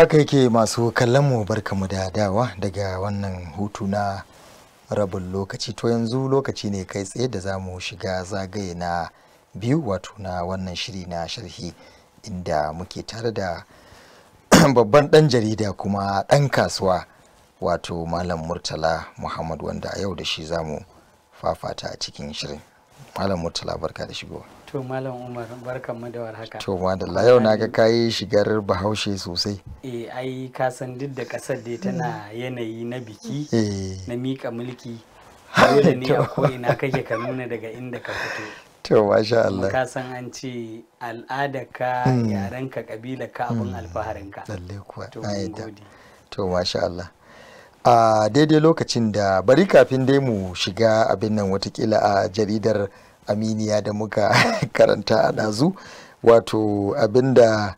haka yake masu kallon mu barkamu da dawa daga wannan hutu na rabin lokaci to yanzu lokaci ne kai tsaye da za mu shiga zagaye na biyu wato na wannan shiri na sharhi inda muke tare da babban dan jarida kuma dan kasuwa wato malam murtala muhammad wanda yau da shi za mu fafata a cikin shirin malam murtala barka da shigowa To Malam Umar barkan da warhaka. To madalla yau na ga kayi shigar Bahaushe sosai. Eh ai ka san duk da kasar dai tana yanayi na biki eh. na mika mulki. Dole ne a ko'ina kake ka nuna daga inda ka fito. To masha Allah. Ka san an ce al'ada ka hmm. yaran ka kabila ka abin hmm. alfaharin ka. Lalle kuwa. To gode. To masha Allah. a daidai lokacin da bari kafin dai mu shiga abin nan watakila a jaridar aminiya da muka karanta a dazu wato abinda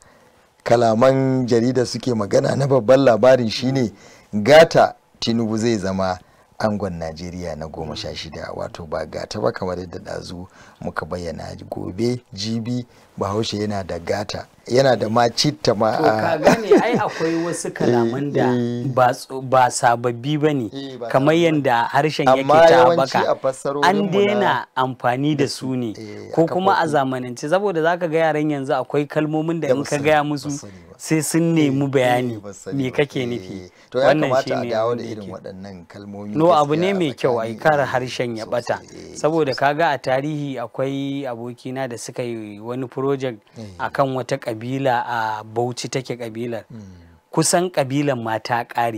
kalaman jarida suke magana na babban labarin shine gata tinubu zai zama angon najeriya na goma sha shida wato ba gata ba kamar da dazu muka bayyana gobe jibi bahaushe yana da gata yana da ma citta ma a ai akwai wasu kalaman da eh, eh. ba sababbi ba ne eh, kamar yadda harshen yake ta baka an daina amfani da su ne ko kuma a zamanance saboda za ka ga yaran yanzu akwai kalmomin da in ka gaya musu sai sun nemi bayani me kake nufi wannan shi ne no abu ne mai kyau ai kare harshen ya bata saboda kaga a tarihi akwai abokina da suka yi wani project eh. akan wata kabila a bauchi take kabilar hmm. kusan kabilan mata a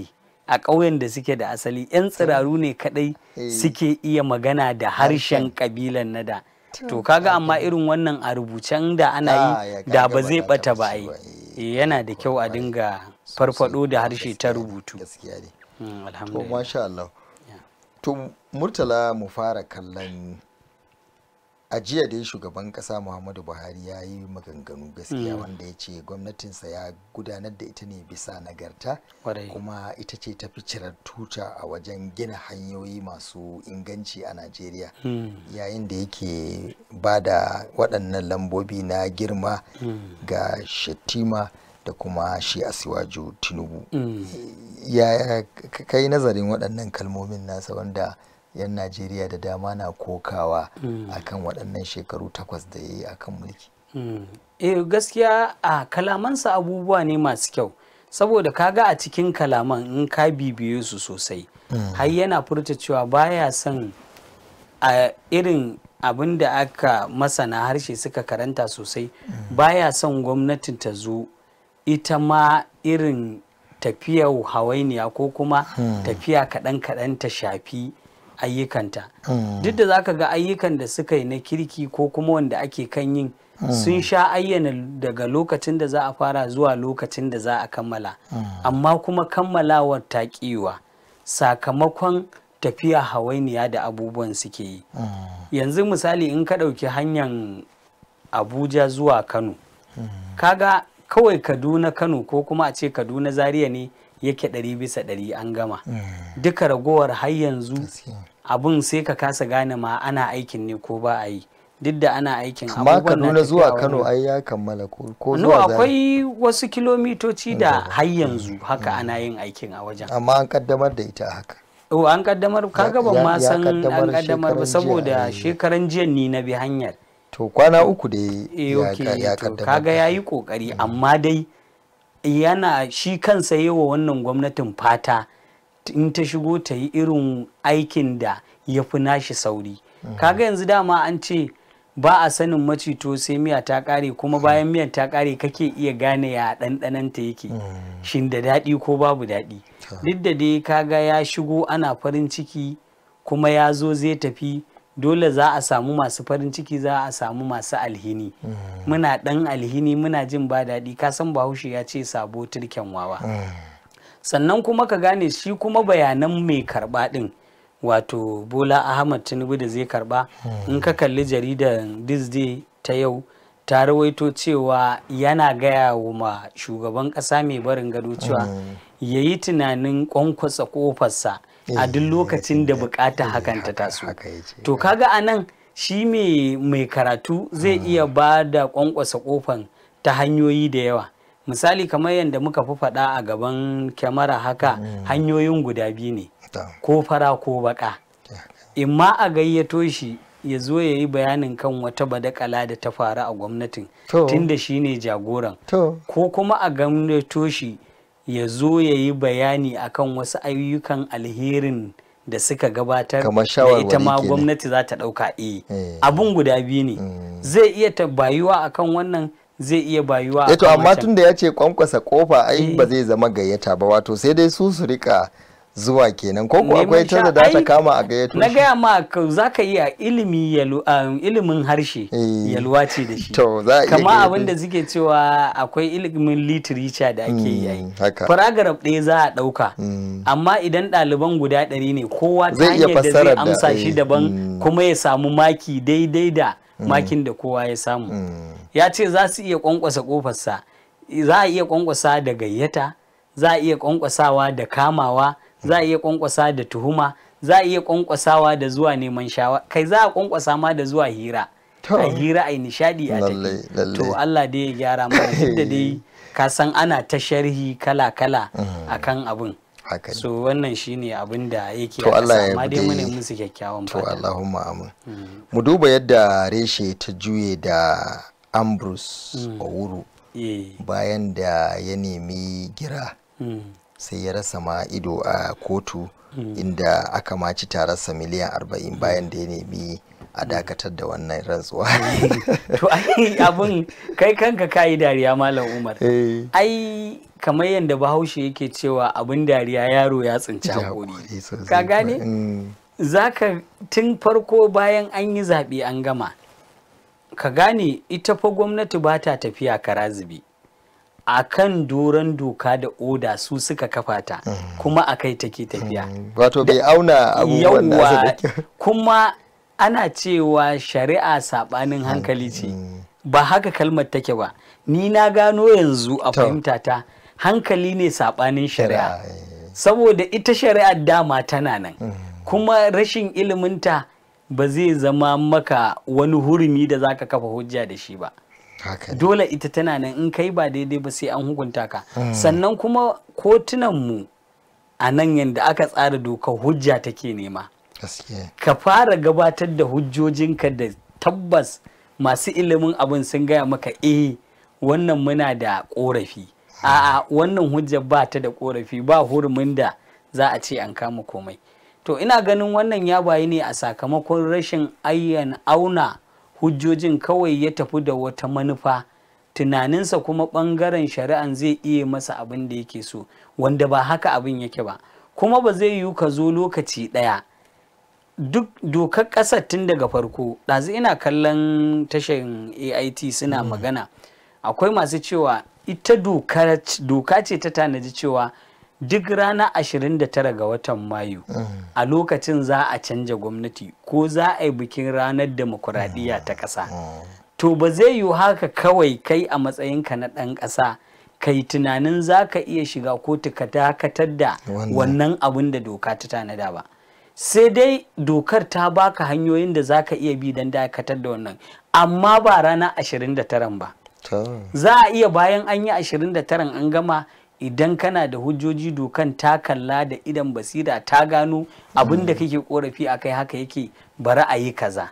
ƙauyen da suke da asali 'yan tsiraru ne kadai eh. suke iya magana da harshen kabilan na da to kaga amma irin wannan a rubucen da ana yi ah, da ba zai bata ba yi eh, yana da kyau a dinga farfado da harshe ta rubutu hmm, alhamdulillah to murtala mu fara kallon a jiya dai shugaban kasa muhammadu buhari ya yi maganganu gaskiya mm. wanda ya ce gwamnatinsa ya gudanar da ita ne bisa nagarta kuma ita ce ta cirar tuta a wajen gina hanyoyi masu inganci a najeriya mm. yayin da yake ba da waɗannan lambobi na girma mm. ga shattima da kuma shi asiwaju tinubu ya kai nazarin waɗannan kalmomin nasa wanda 'yan najeriya da dama na kokawa hmm. kan waɗannan shekaru takwas da ya yi akan mulki hmm. eh gaskiya a kalamansa abubuwa ne masu kyau saboda kaga a cikin kalaman in ka bibiye su sosai hmm. har yana furta cewa baya son a irin abin da aka masana harshe suka karanta sosai baya son gwamnatin ta zo ita ma irin tafiyar hawainiya ko kuma tafiya kaɗan-kaɗan ta shafi ayyukanta hmm. duk da za ka ga ayyukan da suka yi na kirki ko kuma wanda ake kan yin hmm. sun sha ayyana daga lokacin da za a fara zuwa lokacin da za a kammala hmm. amma kuma kammalawar ta kiwa sakamakon tafiya hawainiya da abubuwan suke yi yanzu misali in ka ɗauki hanyar abuja zuwa kano kaga kawai kaduna kano ko kuma a ce kaduna zaria ne yake ɗari bisa ɗari an gama hmm. duka ragowar har yanzu abun sai ka kasa gane ma ana aikin ne ko ba a yi duk da ana aikin amma kaduna zuwa kano ai ya kammala ko zuwa akwai wasu kilomitoci da hmm. har yanzu hmm. haka ana yin aikin a wajen amma an kaddamar da ita haka o oh, an kaddamar kaga ban ma san an kaddamar ba saboda shekaran jiya ni na bi hanyar to kwana uku da eh, ya kaddamar kaga yayi kokari amma dai yana shi kansa yi wa wannan gwamnatin fata in ta shigo ta yi irin aikin da ya fi nashi sauri mhm. kaga yanzu dama an ce ba a sanin macito sai miya ta kare kuma bayan miyan ta kare kake iya gane ya ɗanɗananta yake mhm. shin da daɗi ko babu daɗi duk da dai kaga ya shigo ana farin ciki kuma ya zo zai tafi dole za a samu masu farin ciki za a samu masu alhini muna dan alhini muna jin ba daɗi kasan bahaushe ya ce sabo turken wawa sannan kuma ka gane shi kuma bayanan mai karɓa ɗin wato bola ahmad tinubu da zai karɓa in ka kalli jaridar disney ta yau ta rawaito cewa yana gaya wa shugaban ƙasa mai barin gado cewa mm. ya yi tunanin kwankwasa ƙofarsa a duk eh, lokacin eh, da bukata eh, hakan ta taso to kaga anan shi mai karatu zai hmm. iya ba da kwankwasa kofan ta hanyoyi da yawa misali kamar yadda muka fi faɗa a gaban kyamara haka hmm. hanyoyin guda biyu ne ko fara ko baka imma a gayyato shi ya zo ya yi bayanin kan wata badakala da ta faru a gwamnatin tunda shi ne jagoran ko kuma a gwamnato shi ya zo ya yi bayani akan wasu ayyukan alherin da suka gabatar da ita ma gwamnati za ta ɗauka e eh. abun guda biyu ne mm. zai iya bayuwa akan wannan zai iya bayuwa eto eh amma tun da ya ce kwankwasa kofa ai eh. ba zai zama gayyata ba wato sai dai su su rika zuwa kenan ko kuwa akwai ta da ta kama a gayyato na gaya ma za ka yi a ilimi um, ilimin harshe eh. yalwa ce da shi kama abin da suke cewa akwai ilimin literature da ake yi hmm, paragraph ɗaya za a ɗauka hmm. amma idan ɗaliban guda ɗari ne kowa ta hanyar da zai amsa shi eh, daban hmm. kuma ya samu maki daidai da makin da kowa ya samu ya ce za su iya kwankwasa kofarsa za a iya kwankwasa da gayyata za a iya kwankwasawa da kamawa za a iya kwankwasa da tuhuma za a iya kwankwasawa da zuwa neman shawa kai za a kwankwasa ma da zuwa hira a hira a nishadi a take to Allah dai ya gyara mana duk da dai ka san ana ta sharhi kala kala mm. akan abin so wannan shine abin da yake to Allah ya dai mune musu kyakkyawan fata to Allahumma amin mm. mu duba yadda reshe ta juye da Ambrose mm. Owuru eh. bayan da ya nemi gira sai ya rasa ma ido a kotu hmm. inda aka maci tararsa miliyan arba'in bayan da ya nemi a hmm. dakatar da wannan rantsuwa. Hmm. To ai abin kai kanka ka yi dariya Malam Umar. Eh. Ai kamar yadda Bahaushe yake cewa abin dariya yaro ya tsinci hakuri. Ka gane? ka tun farko bayan an yi zaɓe an gama. Ka gane ita fa gwamnati ba ta tafiya karazibi. a kan doron doka da oda su suka kafa ta mm. kuma a kai take tafiya mm. wato bai auna abubuwan da kuma ana cewa shari'a saɓanin mm. hankali ce ba haka kalmar take ba ni na gano yanzu a fahimta ta hankali ne saɓanin shari'a eh. saboda ita shari'a dama tana nan kuma rashin iliminta ba zai zama maka wani hurumi da zaka kafa hujja da shi ba dole ita tana nan in kai ba daidai ba sai an hukunta ka hmm. sannan kuma kotunan mu a nan yadda aka tsara doka hujja take nema ka fara gabatar da hujjojinka da tabbas masu ilimin abin sun gaya maka eh wannan muna da korafi hmm. a'a wannan hujja ba ta da korafi ba hurumin da za a ce an kama komai to ina ganin wannan ya bayi ne a sakamakon rashin ayyan auna hujjojin kawai ya tafi da wata manufa tunaninsa kuma ɓangaren shari'an zai iya masa abin da yake so wanda ba haka abin yake ba kuma ba zai yiwu ka zo lokaci ɗaya duk dokar ƙasar tun daga farko ɗazu ina kallon tashar ait suna hmm. magana akwai masu cewa ita doka ce ta tanaji cewa duk rana 29 ga watan mayu a lokacin za a canja gwamnati ko za a yi bikin ranar demokuraɗiyya ta ƙasa to ba zai yiwu haka kawai kai a matsayinka na ɗan ƙasa kai tunanin za ka iya shiga kotu ka dakatar da wannan abin da doka ta tanada ba sai dai dokar ta baka hanyoyin da za ka iya bi don dakatar da wannan amma ba rana 29 ba za a iya bayan an yi 29 an gama idan kana da hujjoji dokan ta kalla da idan basira ta gano abin da mm. kake korafi a kai haka yake bari a yi kaza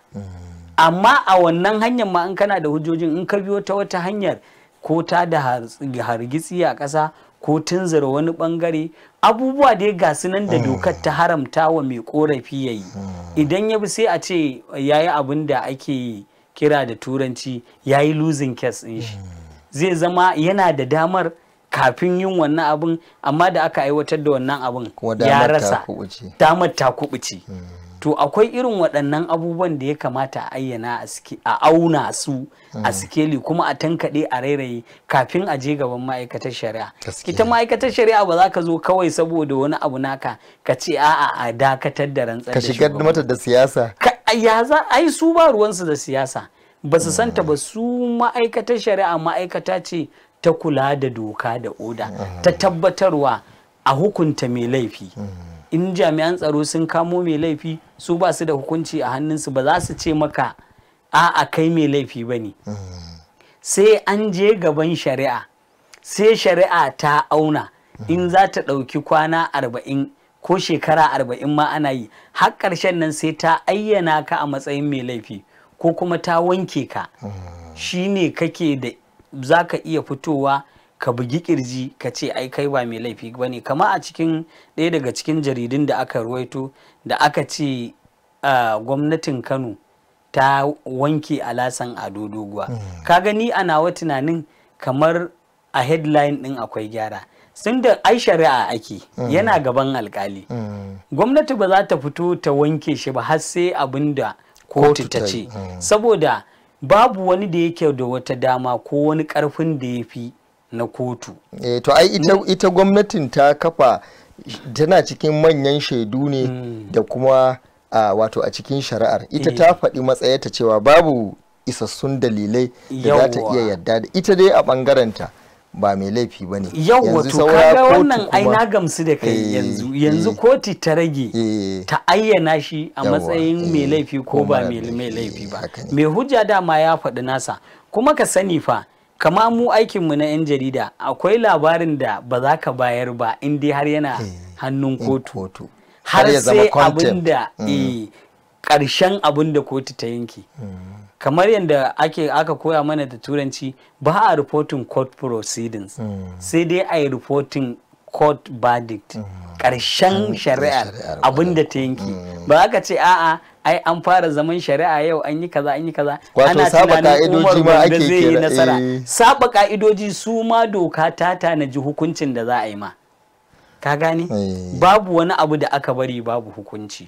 amma a wannan hanyar ma in kana da hujjojin in ka biyo ta wata hanyar ko ta da hargitsi a ƙasa ko zara wani bangare abubuwa dai ga nan da mm. dokar ta haramta wa mai korafi ya yi mm. idan ya bi sai a ce ya yi abin da ake kira da turanci ya yi losing case ɗin shi zai zama yana da damar kafin yin wannan abin amma da aka aiwatar da wannan abin ya rasa damar ta kubuce hmm. to akwai irin waɗannan abubuwan da ya kamata a ayyana a auna su a hmm. sikeli kuma a tankaɗe a rairayi kafin a je gaban ma'aikatar shari'a ita ma'aikatar shari'a ba za ka zo kawai saboda wani abu naka ka ce a'a a dakatar da rantsar da ka shigar mata da siyasa ya za ai su ba ruwansu da siyasa ba su hmm. santa ba su ma'aikatar shari'a ma'aikata ce ta kula da doka da oda ta tabbatarwa a hukunta mai laifi in jami'an tsaro sun kamo mai laifi su ba su da hukunci a hannunsu ba za su ce maka a kai mai laifi ba ne sai an je gaban shari'a sai shari'a ta auna in za ta ɗauki kwana arba'in ko shekara arba'in ma ana yi har ƙarshen nan sai ta ayyana ka a matsayin mai laifi ko kuma ta wanke ka shi ne kake da za ka iya fitowa ka bugi kirji ka ce ai kai ba mai laifi ba ne kama a cikin ɗaya daga cikin jaridun da aka ruwaito da aka ce gwamnatin kano ta wanke alasan ado doguwa hmm. ka gani a nawa tunanin kamar a headline ɗin akwai gyara sun da ai shari'a ake hmm. yana gaban alkali hmm. gwamnati ba za ta fito ta wanke shi ba har sai abin da kotu ta ce saboda babu wani da yake da wata dama ko wani karfin da ya fi na kotu Eh, to ai ita, ita gwamnatin ta kafa tana cikin manyan shaidu ne hmm. da kuma a wato a cikin shari'ar ita ta eh. faɗi matsayarta cewa babu isassun dalilai da za ta iya yadda da ita dai a ɓangarenta ba mai laifi ba ne yau to kaga wannan ai na gamsu da kai eh, yanzu eh. yanzu koti ta rage eh. ta ayyana shi a matsayin mai laifi ko ba mai laifi ba mai hujja dama ya faɗi nasa kuma ka sani fa kama mu aikinmu na 'yan jarida akwai labarin da ba za ka bayar ba in dai har yana hannun kotu har sai abin da mm. ƙarshen abin da kotu ta yanke mm. kamar yadda ake aka koya mana da turanci ba a reporting court proceedings hmm. sai dai a yi reporting court verdict ƙarshen hmm. hmm. shari'ar abin da ta yanki ba aka ce a'a ai an fara zaman shari'a yau an yi kaza an yi kaza ana tunanin umar da zai yi nasara eh. saba ka'idoji su ma doka ta tanaji hukuncin da za a yi ma ka gane eh. babu wani abu da aka bari babu hukunci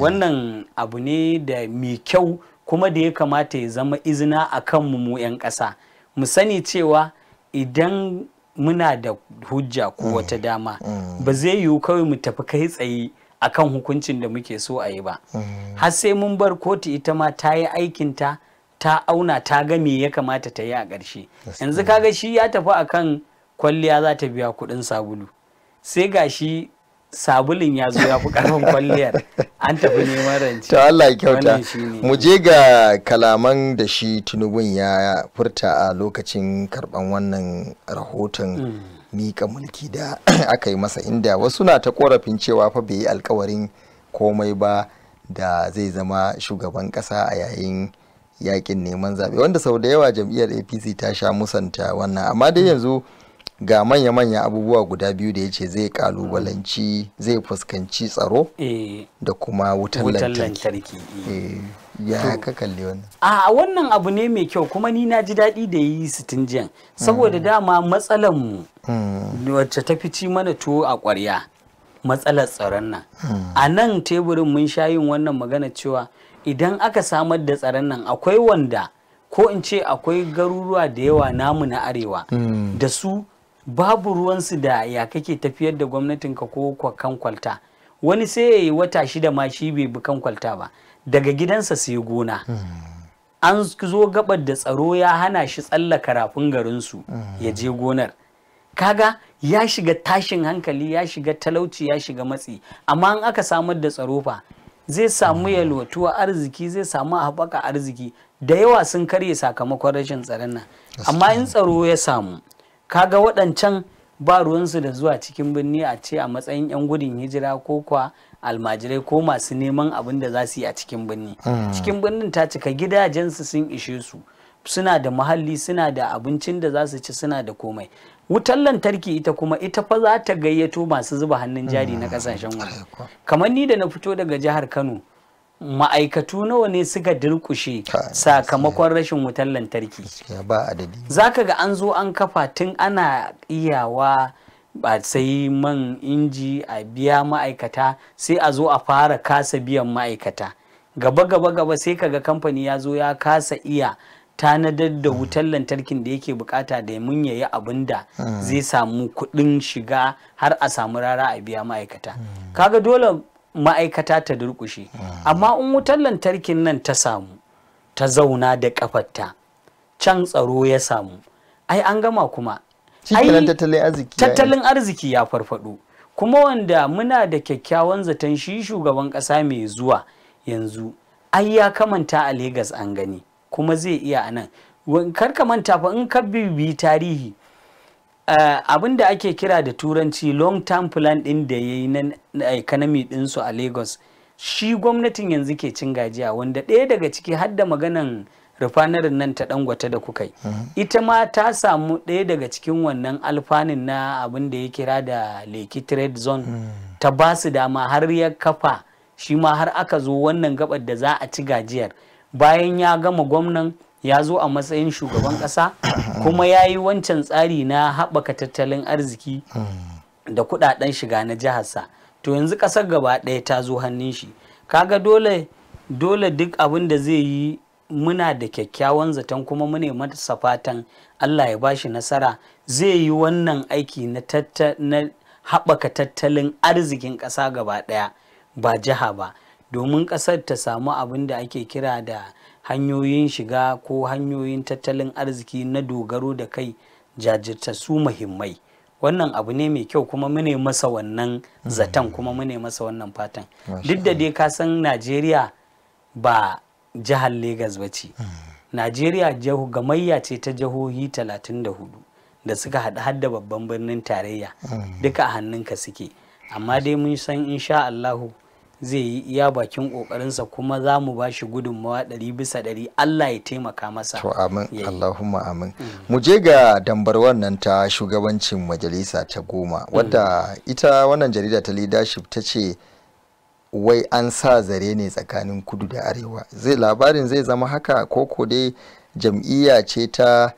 wannan abu ne da mai kyau kuma da ya kamata ya zama izina a kanmu mu 'yan ƙasa mu sani cewa idan muna da hujja ko mm. wata dama mm. ba zai yiwu kawai mu tafi kai tsaye a kan hukuncin da muke so a yi ba mm. har sai mun bar kotu ita ma ta yi aikinta ta auna ta ga me ya kamata ta yi a ƙarshe yanzu kaga shi ya tafi a kan kwalliya za ta biya kuɗin sabulu sai ga shi sabulin ya zo ya fi karfin kwalliyar an tafi neman rance to Allah ya kyauta mu je ga kalaman da shi tunubun ya furta a lokacin karban wannan rahoton hmm. mika mulki da aka yi masa inda wasu na ta korafin cewa fa bai yi alkawarin komai ba da zai zama shugaban kasa a yayin yakin neman zaɓe wanda sau da yawa jam'iyyar apc ta sha musanta wannan amma dai hmm. yanzu mm. ga manya-manya abubuwa guda biyu da ya ce zai kalubalanci zai fuskanci tsaro eh, da kuma wutar lantarki eh, ya ka kalli wannan a wannan abu ne mai kyau kuma ni na ji daɗi da yi sitin jiyan saboda mm. dama matsalan mu mm. wacce ta fici mana tuwo a ƙwarya matsalar tsaron nan mm. a nan teburin mun sha yin wannan magana cewa idan aka samar da tsaron nan akwai wanda ko in ce akwai garuruwa da yawa namu na arewa da su babu ruwansu da ya kake tafiyar da gwamnatin ka ko kan kwalta wani sai ya yi wata shida ma shi bai bi kan kwalta ba daga gidansa sai gona hmm. an zo gabar da tsaro ya hana shi tsallaka rafin garinsu ya je hmm. gonar kaga ya shiga tashin hankali ya shiga talauci ya shiga matsi amma an aka samar da tsaro fa zai samu hmm. yalwatuwa arziki zai samu haɓaka arziki da yawa sun karye sakamakon rashin tsaron nan amma in tsaro ya samu kaga waɗancan ba ruwansu da zuwa cikin birni a ce a matsayin 'yan gudun hijira ko kuwa almajirai ko masu neman abin da za su yi a cikin birni ah. cikin birnin ta cika gidajensu sun ishe su suna da muhalli suna da abincin da za su ci suna da komai wutar lantarki ita kuma ita fa za ta gayyato masu zuba hannun jari na kasashen ah. waje kamar ni da na fito daga jihar kano ma'aikatu nawa ne suka durkushe sakamakon rashin wutar lantarki Za ka ga an zo an kafa tun ana iyawa ba sai man inji a biya ma'aikata sai a zo a fara kasa biyan ma'aikata gaba gaba gaba sai kaga kamfani ya zo ya kasa iya tanadar da wutar lantarkin da yake bukata da mun yayi abin da hmm. zai samu kuɗin shiga har a samu rara a biya ma'aikata hmm. kaga dole ma'aikata ta durƙushe amma in wutar lantarkin nan ta samu ta zauna da kafarta can tsaro ya samu ai an gama kuma tattalin arziki ya farfado kuma wanda muna da kyakkyawan zaton shi shugaban ƙasa mai zuwa yanzu ai ya kamanta a Legas an gani kuma zai iya a nan kar manta fa in ka bibi tarihi Eh, abin da ake kira da turanci long term plan din da ya yi na economy ɗinsu a lagos shi gwamnatin yanzu ke cin gajiya wanda ɗaya daga ciki har da maganan rufanarin nan ta dangwata da kuka yi mhm. ita ma ta samu ɗaya daga cikin wannan alfanin na abin da ya kira da leki trade zone hmm. ta ba su dama har ya kafa shi ma har aka zo wannan gabar da za a ci gajiyar bayan ya gama gwamnan ya zo a matsayin shugaban ƙasa kuma ya yi wancan tsari na haɓaka tattalin arziki da kuɗaɗen shiga na jiharsa to yanzu ƙasar gaba ɗaya ta zo hannun shi kaga dole dole duk abin da zai yi muna da kyakkyawan zaton kuma mune masa fatan Allah ya bashi nasara zai yi wannan aiki na haɓaka tattalin arzikin ƙasa gaba ɗaya ba jiha ba domin ƙasar ta samu abin da ake kira da hanyoyin shiga ko hanyoyin tattalin arziki na dogaro da kai jajirta su muhimmai wannan abu ne mai kyau kuma mune masa wannan zaton kuma mune masa wannan fatan duk da dai ka san najeriya ba jihar Legas ba ce hmm. najeriya gamayya ce ta jihohi 34 da suka hada hadda babban birnin tarayya hmm. duka a hannunka suke amma dai mun san insha Allahu zai yi iya bakin kokarinsa kuma za mu ba shi gudunmawa ɗari bisa ɗari Allah ya taimaka masa to amin Allahumma amin mm. mu je ga dambar wannan ta shugabancin majalisa ta goma mm. wadda ita wannan jarida ta leadership ta ce wai an sa zare ne tsakanin kudu da arewa zai labarin zai zama haka ko dai jam'iyya ce ta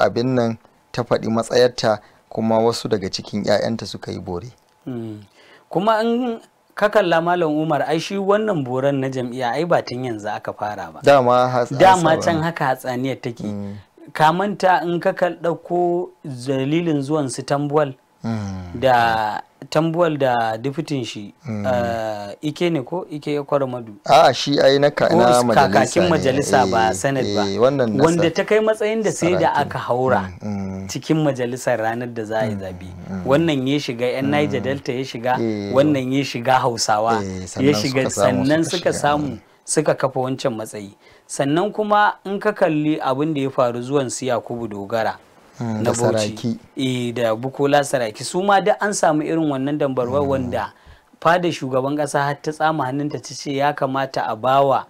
abin nan ta faɗi matsayarta kuma wasu daga cikin 'ya'yanta suka yi bore mm. kuma in ka kalla malam umar ai shi wannan boran na jam'iyya ai ba tun yanzu aka fara ba dama dama can haka hatsaniyar take mm. ka manta in ka ɗauko dalilin zuwan su tambuwal Mm. da tambuwal da dufitin shi mm. eh, ike ne ko ike ya kwara madu a ah, shi a na na majalisa kakakin majalisa ba eh, sanad ba eh, wanda ta kai matsayin da sai da aka haura mm, cikin majalisar ranar da za a yi zabi wannan ya shiga yan naija delta ya shiga wannan ya shiga hausawa ya shiga sannan suka samu suka kafa wancan matsayi sannan kuma in ka kalli abin da ya faru zuwan su yakubu dogara Mm, na bauchi eh, da bukola saraki su ma da an samu irin wannan dambarwa mm. wanda fada shugaban kasa har ta tsama hannun ta ce ya kamata a bawa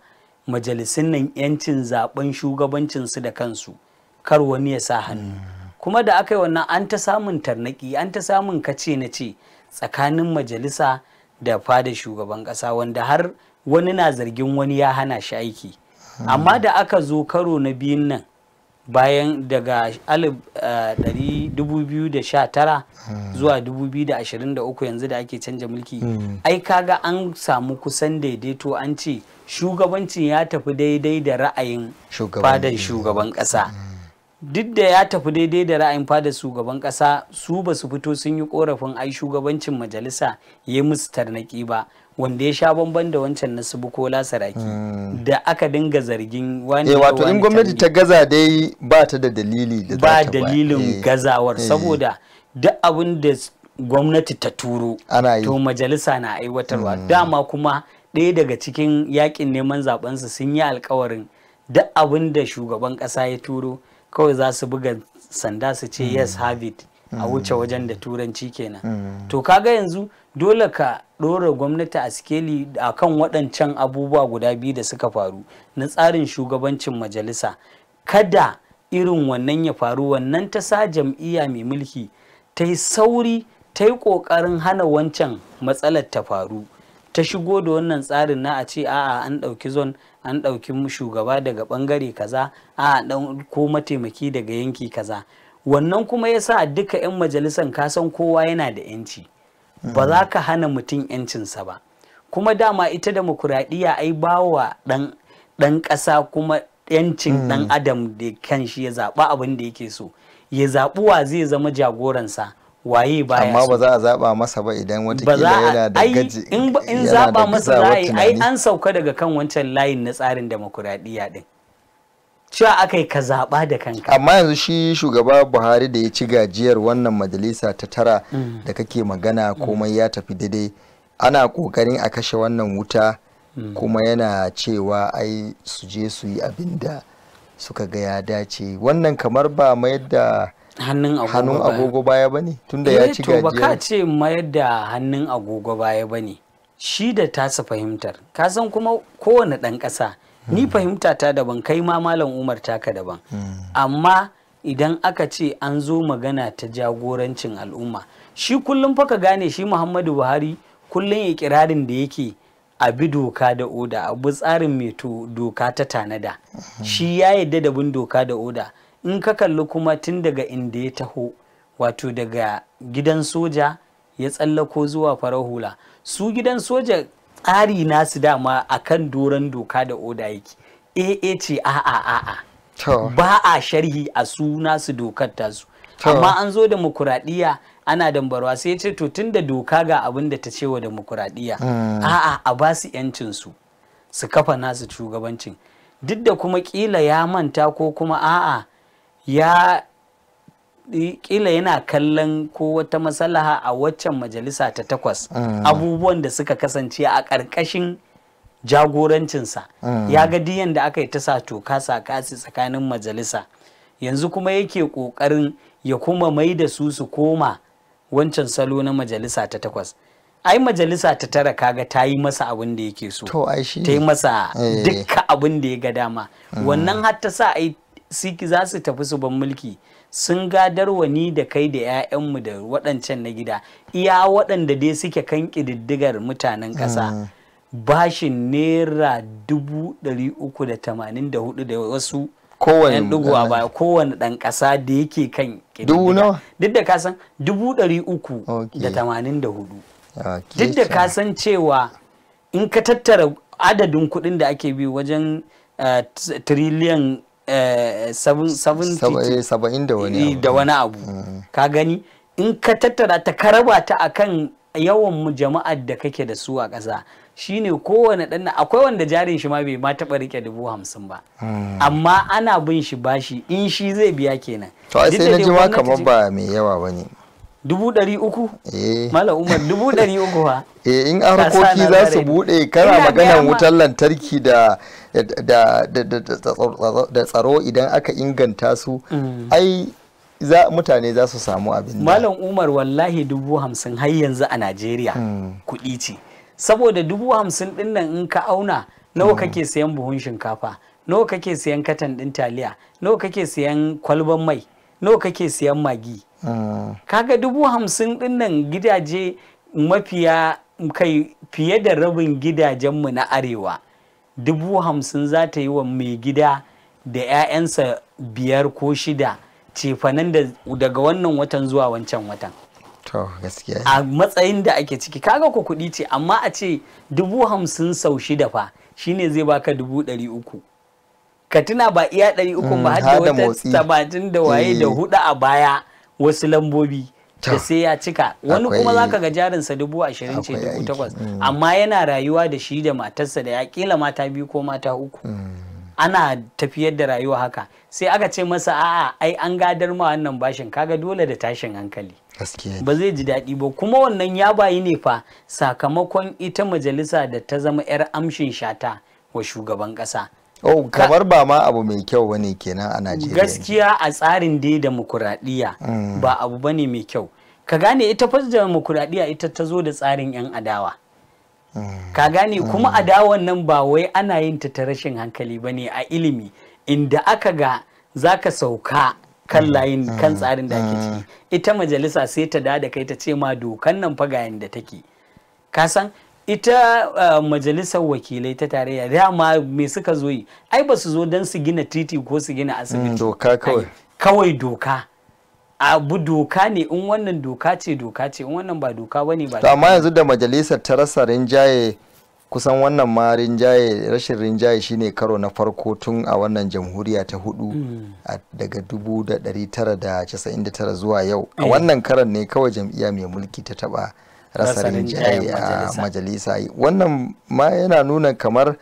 majalisun nan yancin zaben shugabancinsu da kansu kar wani ya sa hannu mm. kuma da aka yi wannan an ta samun tarnaki an ta samun kace na ce tsakanin majalisa da fada shugaban kasa wanda har wani na zargin wani ya hana shi aiki amma da aka zo karo na biyun nan bayan daga 2019 eh, hmm. zuwa 2023 yanzu da ake canja mulki hmm. ai kaga an samu kusan daidaito an ce shugabancin ya tafi daidai da ra'ayin fadar shugaban ƙasa hmm. duk da ya tafi daidai da ra'ayin fadar shugaban ƙasa su basu fito sun yi korafin ai shugabancin majalisa ya yi musu tarnaki ba wanda ya sha bamban da wancan na su bukola saraki hmm. da aka dinga zargin wani eh, wato in gwamnati ta gaza dai ba ta da dalili da ba dalilin eh. gazawar eh. saboda duk abin da gwamnati ta turo to majalisa na aiwatarwa hmm. dama kuma ɗaya daga cikin yakin neman zabensu sun yi alkawarin duk abin da shugaban ƙasa ya turo kawai za su buga sanda su ce hmm. yes have it a wuce wajen da turanci kenan to kaga yanzu dole ka ɗora gwamnati a Sikeli a kan waɗancan abubuwa guda biyu da suka faru na tsarin shugabancin majalisa kada irin wannan ya faru wannan ta sa jam'iyya mai mulki ta yi sauri ta yi ƙoƙarin hana wancan matsalar ta faru ta shigo da wannan tsarin na a ce a'a an ɗauki zon an ɗauki shugaba daga ɓangare kaza a'a ɗan ko mataimaki daga yanki kaza wannan kuma ya sa duka 'yan majalisan kasan kowa yana da 'yanci. ba za ka hana mutum yancinsa ba kuma dama ita demokuraɗiyya ai bawa ɗan ɗan ƙasa kuma yancin ɗan hmm. adam da kan shi ya zaɓa abin da yake so ya zaɓi wa zai zama jagoransa waye baya amma ba za a zaba masa ba idan watakila yana da gaji in zaɓa masa za a yi ai an sauka daga kan wancan layin na tsarin demokuraɗiyya din cewa aka yi ka zaɓa da kanka amma yanzu shi shugaba buhari da ya ci gajiyar wannan majalisa ta tara mm. da kake magana mm. komai ya tafi daidai ana ƙoƙarin a kashe wannan wuta mm. kuma yana cewa ai su je su yi abin da suka ga ya dace wannan kamar ba mayar da hannun agogo baya ba ne tunda ya eh, ci gajiyar ba ka ce mayar da hannun agogo baya ba ne shi da tasa fahimtar ka san kuma kowane ɗan ƙasa ni fahimta ta daban kai ma malam umar taka daban amma idan aka ce an zo magana ta jagorancin al'umma shi kullum faka gane shi muhammadu buhari kullum ya ikirarin da yake a bi doka da oda a bi tsarin mai doka ta tanada shi ya yadda da bin doka da oda in ka kalli kuma tun daga inda ya taho wato daga gidan soja ya tsallako zuwa farar hula su gidan soja tsari nasu dama a kan doron doka da oda yake AA ce a a a a ba a sharhi a su nasu dokar tasu amma an zo demokuraɗiyya ana dambarwa sai ce to tun da doka ga abin da ta ce wa demokuraɗiyya a'a hmm. a ba su yancinsu su kafa nasu shugabancin duk da kuma kila ya manta ko kuma a'a ya kila yana kallon ko wata masalaha a waccan majalisa ta takwas ah. abubuwan da suka kasance a ƙarƙashin jagorancinsa ah. ya ga diyan da aka yi ta sa toka kasi tsakanin majalisa yanzu kuma yake ƙoƙarin ya kuma mai da su su koma wancan salo na majalisa ta takwas ai majalisa ta tara kaga ta yi masa abin da yake so ta yi masa eh. dukka abin da ya ga dama ah. wannan har ta sa ai za su tafi su ban mulki sun gadarwa ni da kai da 'ya'yanmu da waɗancan na gida iya waɗanda dai suke kan ƙididdigar mutanen ƙasa hmm. bashin naira dubu ɗari uku da tamanin da hudu da wasu kowane ɗigowa baya kowane ɗan ƙasa da yake kan ƙididdigar duk da kasan dubu ɗari uku da tamanin da hudu duk da kasan cewa in ka tattara adadin kuɗin da ake bi wajen eh, triliyan Eh, eh, saba'in da wani eh, abu mm. ka gani in ka tattara ta karaba ta akan yawan jama'ar da kake da su a ƙasa shine kowane ɗan akwai wanda jarin shi ma bai ma taɓa rike dubu hamsin ba mm. amma ana bin shi bashi in shi zai biya kenan to sai na jima kamar ba mai yawa bane dubu ɗari uku? Eh. Malam Umar dubu ɗari uku ha. Eh in harkoki za su buɗe kana maganar wutar lantarki da da tsaro idan aka inganta su mm. ai za mutane za su samu abin Malam Umar wallahi dubu hamsin har yanzu a Najeriya hmm. kuɗi ce. Saboda dubu hamsin ɗin nan in ka auna nawa hmm. kake sayan buhun shinkafa, nawa kake sayan katan ɗin taliya, nawa kake sayan kwalban mai, nawa kake sayan magi. kaga dubu hamsin din nan gidaje mafiya kai fiye da rabin gidajenmu na arewa dubu hamsin za ta yi wa mai gida da 'ya'yansa biyar ko shida cefanen daga wannan watan zuwa wancan watan a matsayin da ake ciki kaga ku kuɗi ce amma a ce dubu hamsin sau shida fa shine zai baka dubu ɗari uku ka tuna ba iya ɗari uku ba mm, har da wata da waye da eh. hudu a baya wasu lambobi da sai ya cika wani kuma za ka ga jarinsa dubu ashirin ce dubu takwas mm. amma yana rayuwa da shi da matarsa da ya kila mata biyu ko mata uku mm. ana tafiyar da rayuwa haka sai aka ce masa a'a ai an gadar ma wannan bashin kaga dole da tashin hankali ba zai ji daɗi ba kuma wannan ya bayi ne fa sakamakon ita majalisa da ta zama 'yar amshin shata wa shugaban ƙasa oh kamar ba ma abu mai kyau wani kenan a Najeriya gaskiya a tsarin da demokuraɗiyya mm. ba abu bane mai kyau ka gane ita fa demokuraɗiyya ita ta zo da tsarin yan adawa mm. ka gane kuma mm. adawan nan ba wai ana yin ta ta rashin hankali bane a ilimi inda aka ga za ka sauka kan layin kan tsarin da ake ciki ita majalisa sai ta da kai ta ce ma dokan nan fa ga take ka san ita uh, majalisar wakilai ta tarayya dama me suka zo yi ai ba su zo don su gina titi ko su gina asibiti mm, doka kawai kawai doka abu doka ne in wannan doka ce doka ce in wannan ba doka ba ne ba to amma yanzu da majalisar ta rasa rinjaye kusan wannan ma rinjaye rashin rinjaye shine karo na farko tun a wannan jamhuriya ta hudu mm. daga 1999 zuwa yau a eh. wannan karan ne kawai jam'iyya mai mulki ta taba rasarin rinjaye a majalisa wannan ma yana nuna kamar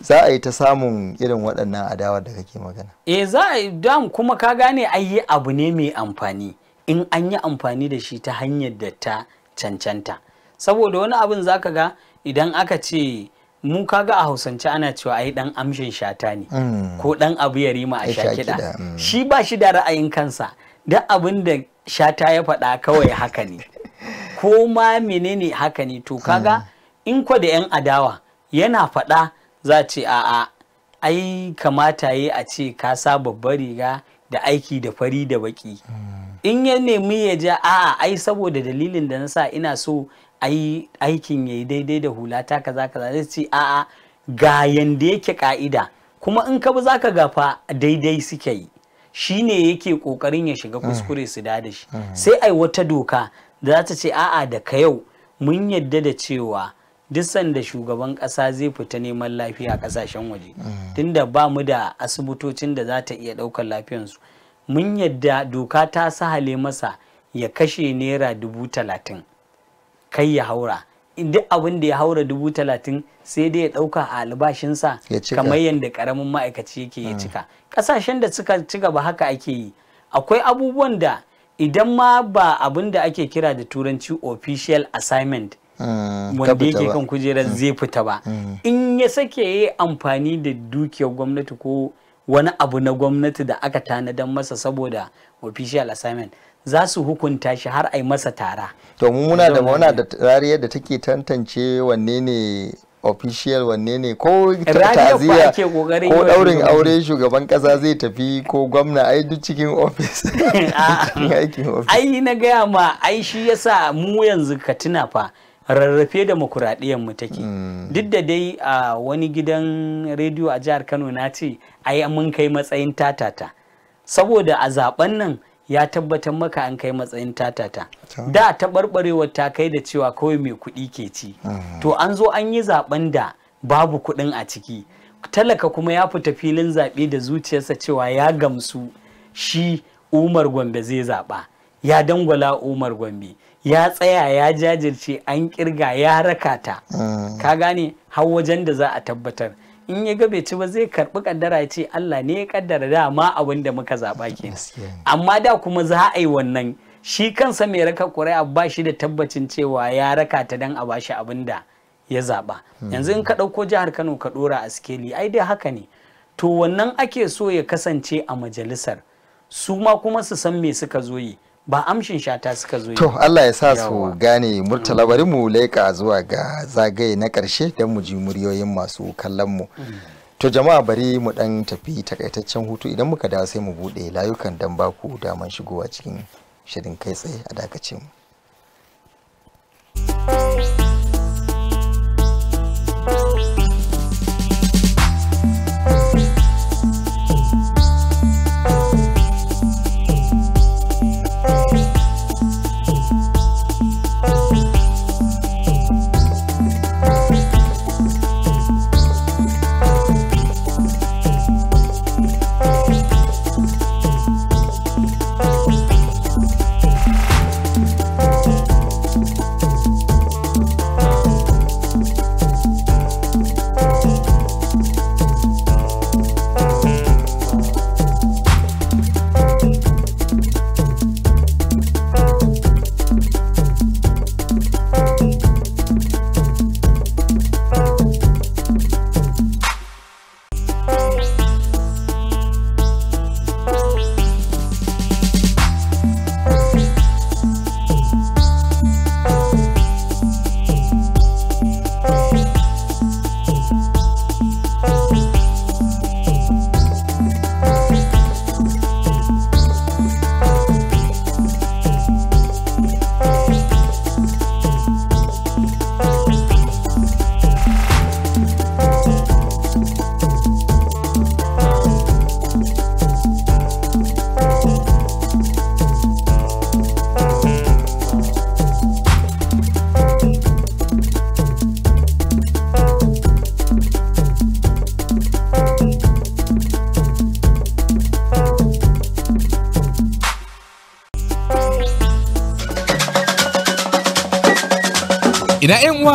za a yi ta samun irin waɗannan adawar da kake magana eh za a yi dam kuma ka gane ayi abu ne mai amfani in an yi amfani da shi ta hanyar da ta cancanta saboda wani abin za ka ga idan aka ce mu kaga a hausance ana cewa ayi dan amshin shata ne mm. ko dan abu ya rima a shakida mm. shi ba shi da ra'ayin kansa da abin da shata ya faɗa kawai haka ne ko ma menene haka ne to kaga hmm. in kwa da 'yan adawa yana faɗa za ce a'a ai kamata yi a ce ka sa babbar riga da aiki da fari da baki hmm. in ya nemi ya ja a'a ai saboda dalilin da na sa ina so ai aikin ya yi daidai da hulata kaza kaza zai ce a'a ga yanda yake ka'ida kuma in ka bi za ka gafa daidai suke yi shi ne yake kokarin ya shiga hmm. kuskure su da shi sai ai wata doka zata za ta ce a'a daga yau mun yadda da cewa duk sanda shugaban kasa zai fita neman lafiya a kasashen waje tunda ba mu da asibitocin da za ta iya daukar lafiyansu mun yadda doka ta sahale masa ya kashe naira dubu talatin kai ya haura duk abin da ya haura dubu talatin sai dai ya ɗauka a albashinsa kamar yadda ƙaramin ma'aikaci yake ya mm. cika ƙasashen da suka ci gaba haka ake yi akwai abubuwan da idan ma ba abin da ake kira da turanci official assignment hmm, wanda yake kan kujerar hmm. zai fita ba hmm. in ya sake yi amfani da dukiyar gwamnati ko wani abu na gwamnati da aka tanadan masa saboda official assignment za su hukunta shi har a masa tara to muna da muna da rariyar da take tantance wanne ne official wanne ne ko taziya ko daurin aure shugaban kasa zai tafi ko gwamna ai duk cikin office ai na gaya ma ai shi yasa mu yanzu ka tuna fa rarrafe demokuraɗiyyar mu take hmm. duk da dai a wani gidan rediyo a jihar kano na ce ai mun kai matsayin tatata saboda a zaben nan ya tabbatar maka an kai matsayin tatata da taɓarɓarewar ta kai da cewa kawai mai kuɗi ke ci ah. to an zo an yi zaɓen da babu kuɗin a ciki talaka kuma ya fita filin zaɓe da zuciyarsa cewa ya gamsu shi umar gombe zai zaɓa ya dangwala umar gombe ya tsaya ya jajirce an kirga ya raka ta ah. ka gane har wajen da za a tabbatar in ya ga bai ci ba zai karbi kaddara ya ce Allah ne ya kaddara dama abin da muka zaba ke amma da kuma za a yi wannan shi kansa mai raka kurai ba shi da tabbacin cewa ya raka ta dan a ba shi abin da ya zaba hmm. yanzu in ka ɗauko jihar Kano ka ɗora a skeli ai dai haka ne to wannan ake so ya kasance a majalisar su ma kuma su san me suka zo yi ba amshin shata suka zo to Allah ya sa su gane murtala mm. bari mu leka zuwa ga zagaye na karshe don mu ji muryoyin masu kallon mu mm. to jama'a bari mu dan tafi takaitaccen hutu idan muka dawo sai mu bude layukan dan baku daman shigowa cikin shirin kai tsaye a dakacin mu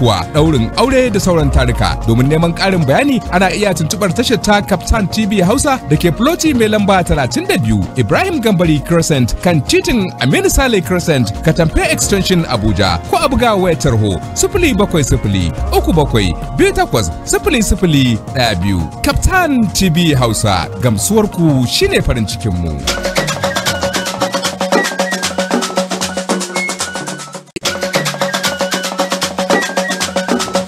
kuwa ɗaurin aure da sauran tarika. Domin neman ƙarin bayani ana iya tuntuɓar tashar ta Captain TV Hausa da ke Floti mai lamba 32 Ibrahim Gambari Crescent kan titin Aminu Sale Crescent Katamfe Extension Abuja ko a buga waya tarho 070 37 ɗaya biyu. Captain TV Hausa gamsuwar ku shine farin cikinmu. mu.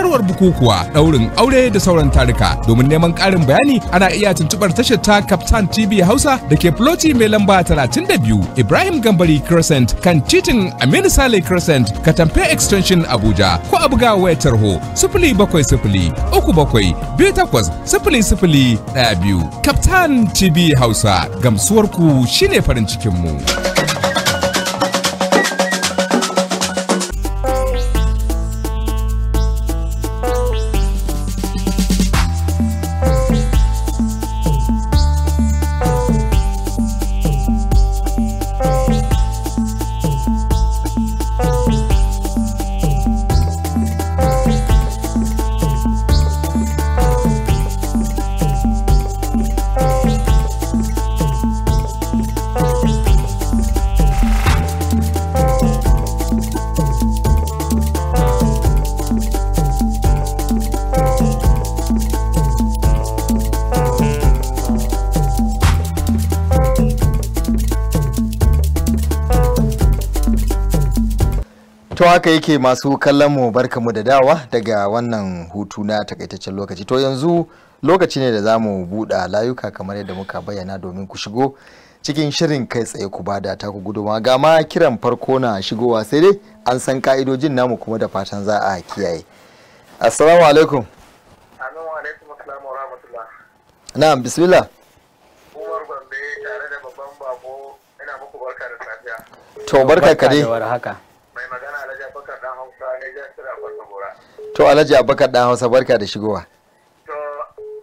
tunkararwar bukukuwa daurin aure da sauran tarika domin neman karin bayani ana iya tuntubar tashar ta captain tv hausa da ke floti mai lamba 32 ibrahim gambari crescent kan titin aminu sale crescent katamfe extension abuja ko a buga waya tarho 070 biyu Captain TV Hausa gamsuwar ku shine farin cikinmu. haka yake masu kallon mu barkamu da dawa daga wannan hutu na takaitaccen lokaci to yanzu lokaci ne da za mu buɗa layuka kamar yadda muka bayyana domin ku shigo cikin shirin kai tsaye ku ba da taku guduma ga ma kiran farko na shigowa sai dai an san ka'idojin namu kuma da fatan za a kiyaye assalamu alaikum na'am bismillah umar gombe tare da babban ina muku barka da safiya to barka ka dai to alhaji abubakar dan hausa barka da shigowa to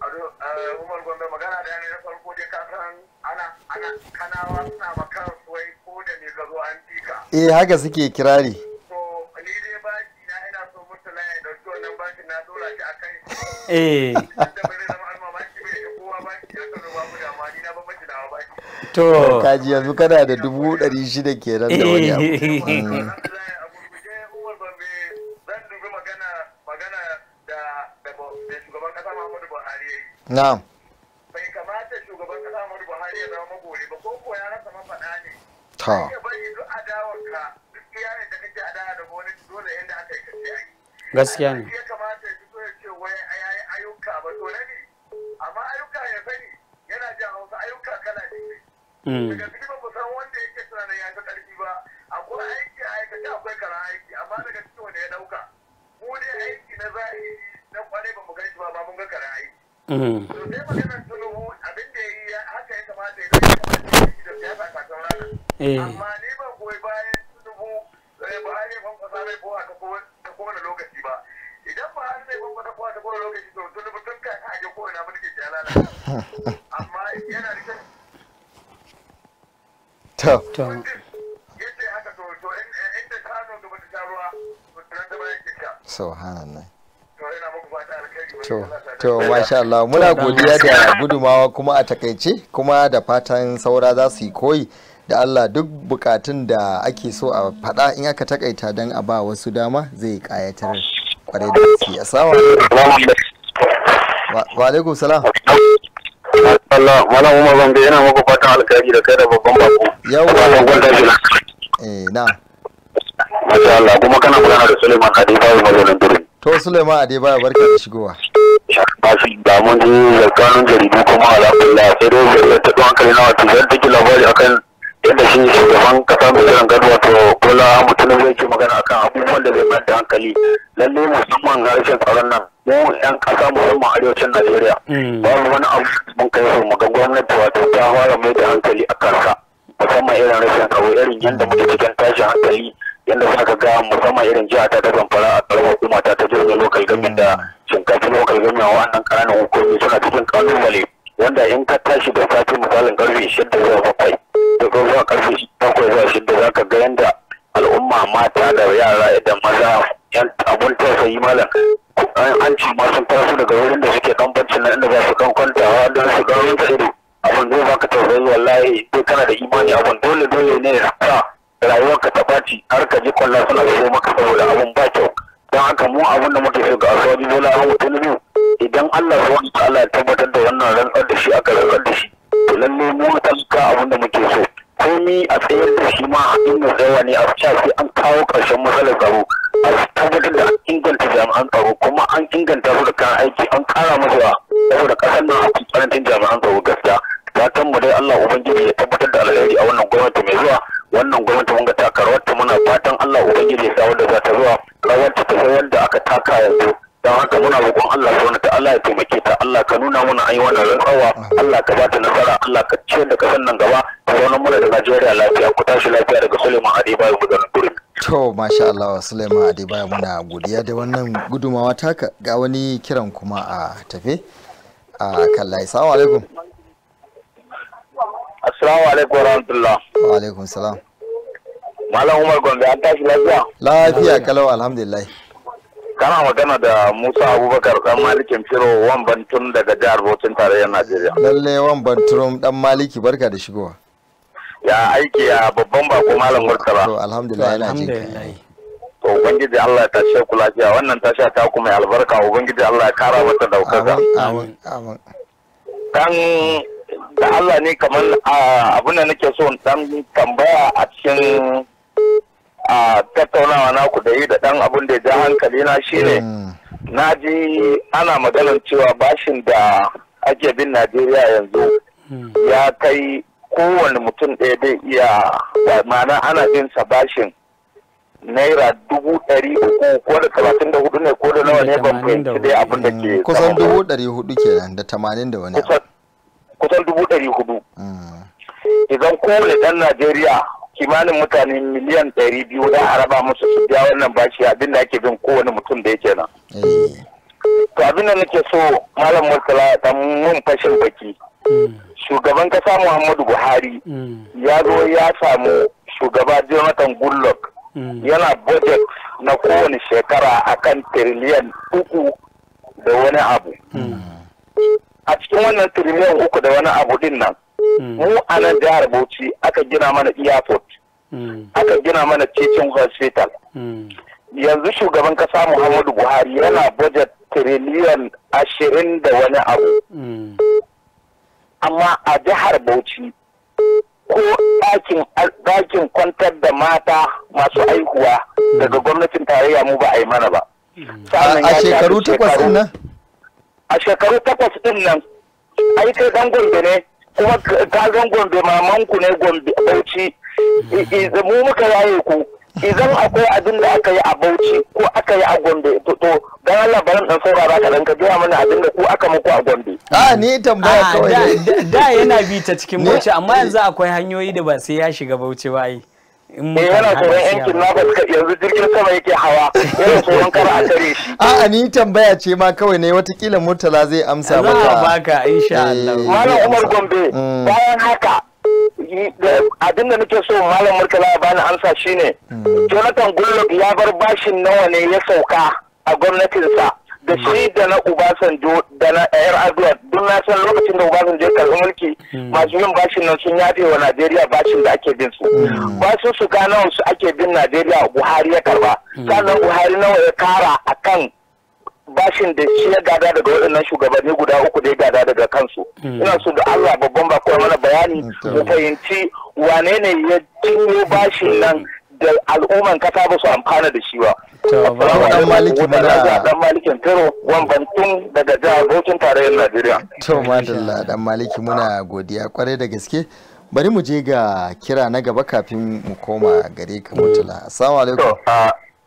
ado eh umar gombe magana da ne na farko dai ka san ana ana kanawa suna makan wai ko da ne ga zo an tika eh haka suke kirari to ni dai ba shi na ina so mutu na to nan ba shi na dora shi akan eh To, kaji yanzu kana da dubu ɗari shida kenan da wani abu. Eh. na'am bai kamata shugaban kasa Muhammadu Buhari ya zama magori ba ko ko ya rasa mafaɗa ne ta ya bari duk adawar duk yayin da kake adawa da gwamnati dole inda aka yi kace ai gaskiya ne ya kamata ya fito ya ce wai ayi ayyuka ba to ne amma ayyuka ya sani yana jin hausa ayyuka kala ne mm. daga masha Allah muna godiya da gudumawa kuma a takaice kuma da fatan saura za su yi koyi da Allah duk bukatun da ake so a faɗa in aka takaita don a ba wasu dama zai kayatar kwarai da gaske assalamu alaikum wa alaikum salam Allah malam Umar Bambe yana muku fatan alkhairi da kai da babban bako yawa eh na Masha Allah kuma kana magana da Suleiman Kadifa Mazanin Durin To Suleiman Adebayo barka da shigowa. mun ji zarkanun jaridu kuma alhamdulillah sai dai zarta ɗan hankali na wato zan take labari akan yadda shi shugaban kasa mai jiran gado wato kula mutumin zai ke magana akan abubuwan da zai mayar da hankali lalle musamman harshen tsaron nan mu yan kasa musamman arewacin najeriya mm. babu wani abu mun kai su muga gwamnati wato ta fara mai da hankali a kansa musamman irin rashin tsaro irin yadda muke cikin tashin hankali yadda za ka ga musamman irin jiha ta ta zamfara a karamar hukuma ta ta jirgin lokal gamin da mm. shinkafin lokal gamin a wannan ƙananan hukumi suna cikin ƙalubale wanda in ka tashi da sati misalin karfe shidda zuwa bakwai ko zuwa karfe bakwai zuwa shidda za ka ga yadda al'umma mata da yara idan maza yan abun tausayi malam an ci ma sun taso daga wurin da suke bacci na inda za su kan kwantawa don su ga ido abin zai baka tausayi wallahi duk kana da imani abin dole dole ne ya rayuwar ta ɓaci har ka ji kwallon suna zo maka saboda abin ba kyau don haka mu abin da muke so ga asabi bola ahmad biyu idan allah subhanahu Allah ya tabbatar da wannan rantsar da shi aka rantsar da shi to lalle mu ka abin da muke so komi a tsayar da shi ma in mu tsayawa ne a cewa sai an kawo ƙarshen matsalar tsaro a tabbatar da inganta jami'an tsaro kuma an inganta su da kan aiki an ƙara musu a saboda ƙasar nan a karancin jami'an tsaro gaskiya fatan mu Allah ubangiji ya tabbatar da alheri a wannan gwamnati mai zuwa wannan gwamnati mun ga taka rawarta muna fatan Allah ubangiji ya sa wanda za ta zuwa rawar ta san wanda aka taka yanzu don haka muna roƙon Allah subhanahu ta'ala ya taimake ta Allah ka nuna mana ai wannan rawa Allah ka ba ta nasara Allah ka ce da kasan nan gaba sauran mu da Najeriya lafiya ku tashi lafiya daga Suleiman Adebayo gudanar Turin To masha Allah Suleiman Adebayo muna godiya da wannan gudumawa taka ga wani kiran kuma a tafe a kan layi. Assalamu alaikum. Assalamu alaikum warahmatullah. Wa alaikum salam. Malam Umar Gombe an tashi lafiya? Lafiya kalau alhamdulillah. Kana magana da Musa Abubakar dan Maliki Firo wan bantun daga jihar Bauchin tarayyar Najeriya. Lalle wan bantun dan maliki barka da shigowa. Ya aiki ya babban bako malam Murtala. To alhamdulillah ina To ubangiji Allah ya tashe ku lafiya wannan tasha ta kuma albarka ubangiji Allah ya kara mata daukaka. Amin amin amin. da Allah ne kamar abin da nake so dan tambaya a cikin a tattaunawa ku da yi da dan abin da ya ja hankali na shine mm. na ji ana maganar cewa bashin da ake bin Najeriya yanzu mm. ya kai kowane mutum ɗaya zai iya mana ana bin sa bashin naira dubu ɗari uku ko da talatin da hudu ne ko da nawa ne ban fahimci dai abin da ke mm. kusan dubu ɗari hudu kenan da tamanin da wani kusan dubu ɗari hudu idan kowane ɗan najeriya kimanin mutane miliyan ɗari biyu da araba musu su biya wannan bashi abin da ake bin kowane mutum da yake nan to abin da nake so malam murtala ta mun fashin baki shugaban kasa muhammadu buhari ya zo ya samu shugaba jonathan goodluck yana budget na kowane shekara akan tiriliyan uku da wani abu a cikin wannan tiriliyan uku da wani abu din nan hmm. mu a nan jihar bauchi aka gina mana airport hmm. aka gina mana teaching hospital hmm. yanzu shugaban kasa muhammadu buhari yana budget tiriliyan ashirin da wani abu amma a jihar bauchi ko ɗakin kwantar da mata masu aihuwa daga gwamnatin tarayya mu ba a yi mana ba a shekaru takwas nan a shekaru takwas din nan ai kai dan gombe ne kuma ka zan gombe mamanku ne gombe bauchi mu muka yaye ku idan akwai abin da aka yi a bauchi ko aka yi a gombe to don Allah baran dan saurara ka dan ka gaya mana abin da ku aka muku a gombe a ni tambaya ah, kawai da yana bi ta cikin bauchi amma yanzu akwai hanyoyi da ba sai ya shiga bauchi ba ai in eh, yana tsoron yankin na yanzu jirgin sama yake hawa yana tsoron kar a kare shi a'a ni tambaya ce ma kawai ne watakila murtala zai amsa maka baka insha eh, Allah malam Umar Gombe mm. bayan haka Abinda da nake so malam murtala ya bani amsa shine mm. Jonathan Goodluck ya bar bashin nawa ne ya sauka a gwamnatinsa da shi da na Ubasanjo da na Yar Aduwa duk na san lokacin da Ubasanjo ya karɓi mulki hmm. masu yin bashin nan sun yafe wa Najeriya bashin da ake bin su. Bashin hmm. su gana su ake bin Najeriya Buhari ya karba. Hmm. Sannan Buhari nawa ya kara akan bashin da shi ya gada daga waɗannan shugabanni guda uku da ya gada daga kansu. Ina so da Allah babban ba mana bayani mu fahimci wane ne ya cinye bashin nan da al'umman kasa ba su amfana da shi ba. dan maliki muna dan malikin tun daga jihar Bauchin tarayyar Najeriya. To madalla dan muna godiya kwarai da gaske. Bari mu je ga kira na gaba kafin mu koma gare ka mutula. Assalamu alaikum.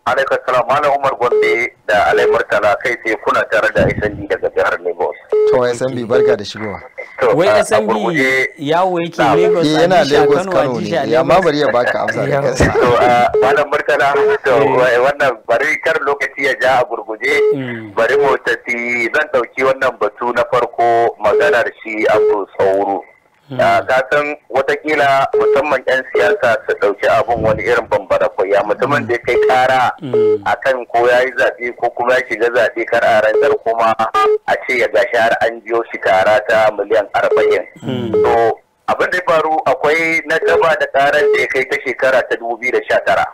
Alaikar salam Malam Umar Gombe da Alaimar Tala kai sai kuna tare da Isandi daga jihar Lagos. to SMB barka da shigowa wai SMB yawo yake Lagos a eh, yana Lagos Kano ne Ya eh, ma bari ya baka amsa da kansa to malam Murtala da eh. wannan bari kar lokaci ya ja a gurguje mm. bari mu zan dauki wannan batu na farko maganar shi Abdul Sauru Hmm. ka san watakila musamman 'yan siyasa su ɗauki abin wani irin bambara ya mutumin da ya kai kara hmm. a kan ko ya yi zaɓe ko kuma ya shiga zaɓe kar a rantsar kuma a ce ya gashi har an biyo shi kara ta miliyan arba'in. Hmm. to abin da ya faru akwai na gaba da karar da ya kai ta shekara ta dubu biyu da sha tara.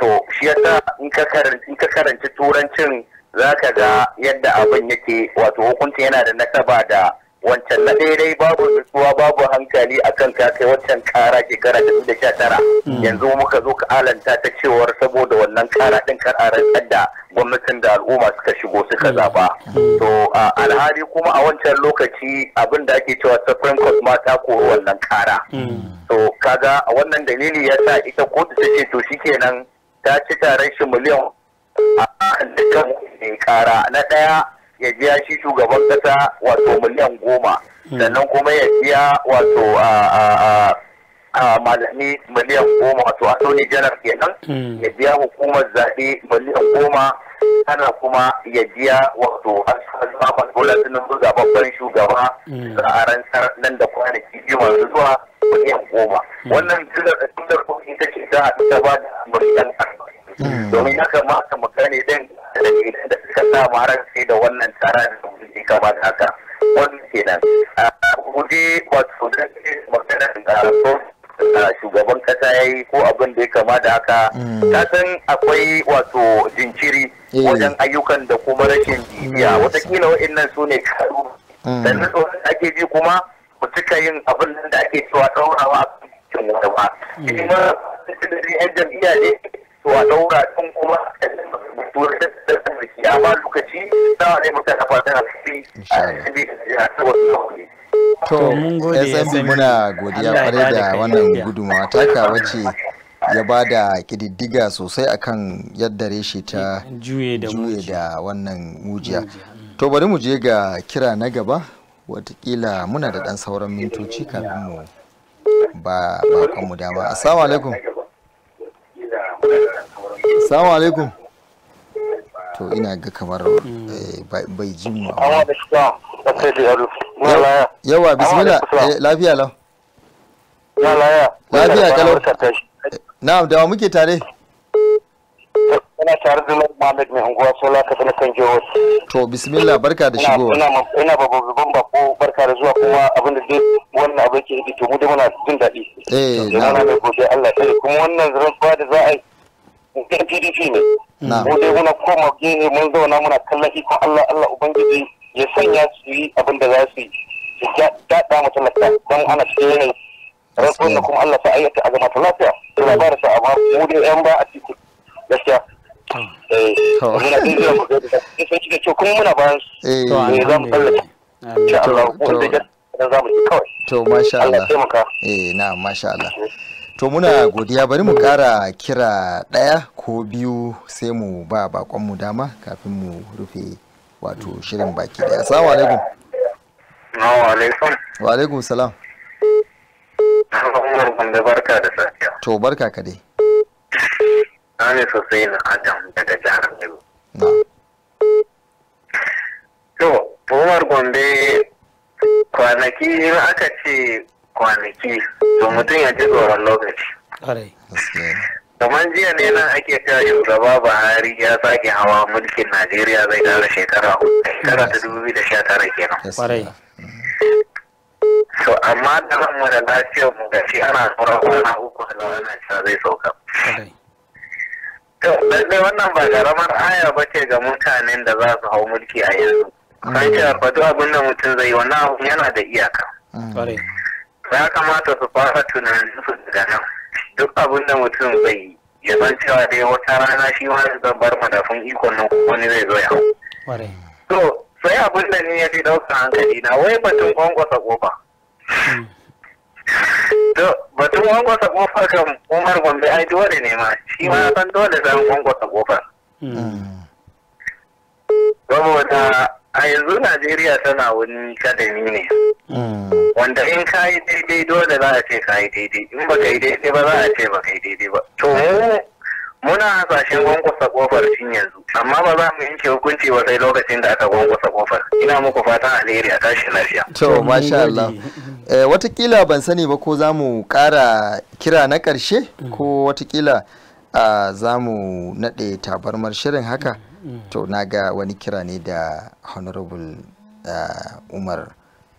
to shi yasa in ka karanci turancin za ka ga yadda abin yake wato hukuncin yana da nasaba da wancan na daidai babu nutsuwa babu hankali akan ka kai wancan kara shekara ta da sha tara hmm. yanzu muka zo ka alanta ta cewar saboda wannan kara din kar a rantsar da gwamnatin da al'umma suka shigo suka hmm. zaba hmm. to alhali kuma a wancan lokaci abin da ake cewa supreme court ma ta koro wannan kara to kaga a wannan dalili ya sa ita kotu ta ce to shikenan ta ci taron shi miliyan a kan kara na daya ya biya shi shugaban kasa wato miliyan goma hmm. sannan kuma ya biya wato a malami miliyan goma wato attorney general kenan hmm. ya biya hukumar zaɓe miliyan goma ana kuma ya biya wato asalman bola tinubu babban shugaba hmm. za a rantsar nan da kwanaki biyu masu zuwa miliyan goma wannan kuma ita ce za a ta ba da miliyan domin ya mu gane din idan da suka sa maharar sai da wannan tsara da mutum kamata haka wannan kenan guje wato da magana da shugaban kasa ya yi ko abin da ya kama da haka mm. Ka san akwai wato jinkiri eh. wajen ayyukan da kuma rashin bibiya mm. watakila wa'annan su ne karu mm. sannan tsoron ake ji kuma ku cika yin abin da ake cewa ɗaurawa a cikin wata ba. Shi ma, yan jam'iyya ne to a daura din kuma ya lokaci na ne muka kafa da a To mun gode SMB muna godiya kwarai da wannan gudunmawa taka wacce ya ba da kididdiga sosai akan yadda reshe ta juye da wannan mujiya. To bari mu je ga kira na gaba watakila muna da ɗan sauran mintoci kafin mu ba bakonmu dama. Assalamu alaikum. Assalamu alaikum. To ina ga kamar eh, bai ji mu. Yawa bismillah eh, lafiya lau. Lafiya kalau. Na'am da muke tare. Ina tare da Lord Mohammed mai unguwa sola ka sanar kan jihar. To bismillah barka da shigowa. Ina babban ko barka da zuwa kuma abin da zai wannan abin abu yake to mu dai muna jin daɗi. Eh na. Muna da godiya Allah sai kuma wannan rantsuwa da za a yi da pdp ne Ko dai muna koma gehe mun zauna muna kallon ikon allah allah ubangiji ya sanya su yi abin da za su yi su daɗa mu talaka don ana cikin yanayi rasuwan da kuma allah sa ayyata a zama ta lafiya ina ba da sa'ama mu dai ƴan ba a ciki gaskiya eh, muna ɗin zuwa mu gaida eh, sun ci da kyau kuma muna bayan su Eh, eh za mu tsallake insha allah wanda ya kawai to masha allah eh na masha allah to muna godiya bari mu kara kira ɗaya ko biyu sai mu ba bakonmu dama kafin mu rufe wato shirin baki daya assalamu alaikum wa alaikum salam barka da safiya to barka ka dai sosai na Adam daga jihar Kano. To, Umar Gombe kwanaki aka ce kwanaki to mutum ya ji tsoron lokaci kamar jiya ne nan ake cewa gaba buhari ya sake hawa mulkin najeriya zai kara shekara shekara ta dubu biyu da sha tara kenan so amma da mu da lafiyar mu ga shi ana tsoron kwana uku da wannan cewa zai sauka to lallai wannan ba garamar aya ba ce ga mutanen da za su hau mulki a yanzu kan mm. a faɗo abin da mutum zai yi wannan abu yana da iyaka mm. ya kamata su fara tunanin su da nan duk abin da mutum zai yi ya san cewa dai wata rana shi ma zai bar madafin ikon nan wani zai zo ya hau. sai abin da ni ya fi dauka hankali na wai batun kwankwasa kofa. Hmm. To batun kwankwasa kofa kan Umar Gombe ai dole ne ma shi ma ya san dole zan kwankwasa kofa. Hmm. Hmm. Saboda yanzu najeriya tana wani kadami ne hmm. wanda in ka yi daidai dole za a ce ka yi daidai in ba ka yi daidai ba za a ce ba ka yi daidai ba to mu muna hasashen gwangwasa kofar tun yanzu amma ba za mu yanke hukunci ba sai lokacin da aka gwangwasa kofar ina muku fatan alheri a tashi lafiya to masha Allah eh, watakila ban sani ba ko za mu kara kira na karshe hmm. ko watakila uh, ah, za mu naɗe tabarmar shirin haka mm -hmm. to na ga wani kira ne da honorable uh, umar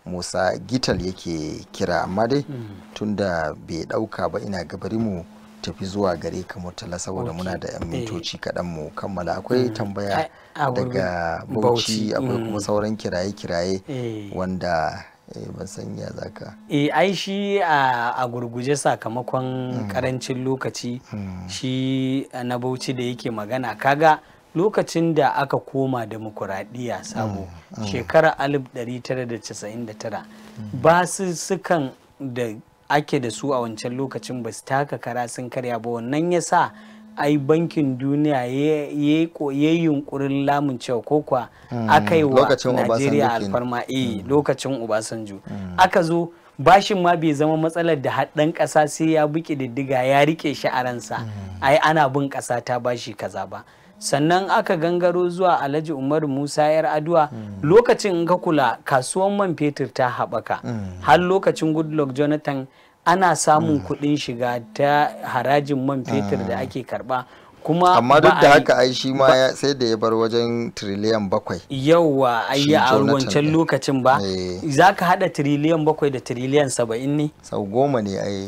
musa gital yake kira amma dai mm. tunda bai dauka ba ina gabari mu tafi zuwa gare ka murtala saboda muna da yan mintoci eh. kaɗan mu kammala akwai mm. tambaya daga bauchi akwai kuma mm. sauran kiraye-kiraye eh. wanda eh, ban san ya zaka eh ai shi a gurguje sakamakon karancin lokaci shi na bauchi da yake magana kaga lokacin da aka koma demokuraɗiyya sabo mm, mm. shekarar 1999 ba su sukan da ake da su a wancan lokacin ba su taka kara sun karya ba wannan ya sa ai bankin duniya ya yi yunkurin lamun cewa ko kuwa mm, aka yi wa najeriya alfarma eh lokacin obasanjo aka zo bashin ma bai zama matsalar da haɗin ƙasa sai ya buƙi diddiga ya rike shi a ransa ai ana bin ƙasa ta bashi kaza ba sannan aka gangaro zuwa alhaji umar musa yar aduwa lokacin in ka kula kasuwan man fetur ta haɓaka mm. har lokacin goodluck jonathan ana samun mm. kuɗin shiga ta harajin man fetur da mm. ake karɓa kuma amma duk da haka ai shi ma sai da ya bar wajen triliyan bakwai yauwa ayi a wancan lokacin ba eh. za ka hada triliyan bakwai da triliyan saba'in ne sau goma ne ai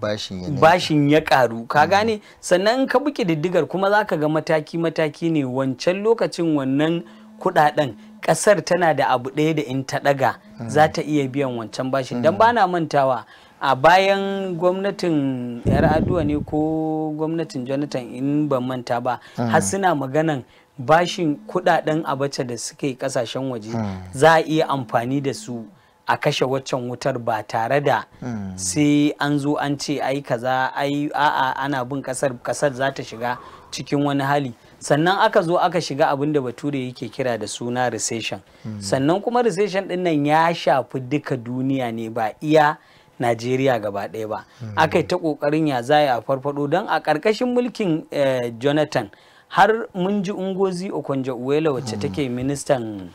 bashin ya bashin ya karu ka hmm. gane sannan ka buke diddigar kuma za ka ga mataki mataki ne wancan lokacin wannan kudaden kasar tana da abu ɗaya da in ta daga hmm. za ta iya biyan wancan bashin dan hmm. bana mantawa a bayan gwamnatin yar aduwa ne ko gwamnatin jonathan in ban manta ba ah. har suna maganan bashin kudaden abacha da suke kasashen waje ah. za a iya amfani da su a kashe waccan wutar ba tare da hmm. sai an zo an ce ai kaza ai a'a ana bin kasar kasar za ta shiga cikin wani hali sannan aka zo aka shiga abin da bature yake kira da suna recession hmm. sannan kuma recession din nan ya shafi duka duniya ne ba iya najeriya gaba ɗaya ba hmm. aka yi ta ƙoƙarin ya zaya a farfaɗo don a ƙarƙashin mulkin eh, jonathan har mun ji ungozi okonjo uwela wacce hmm. take ministan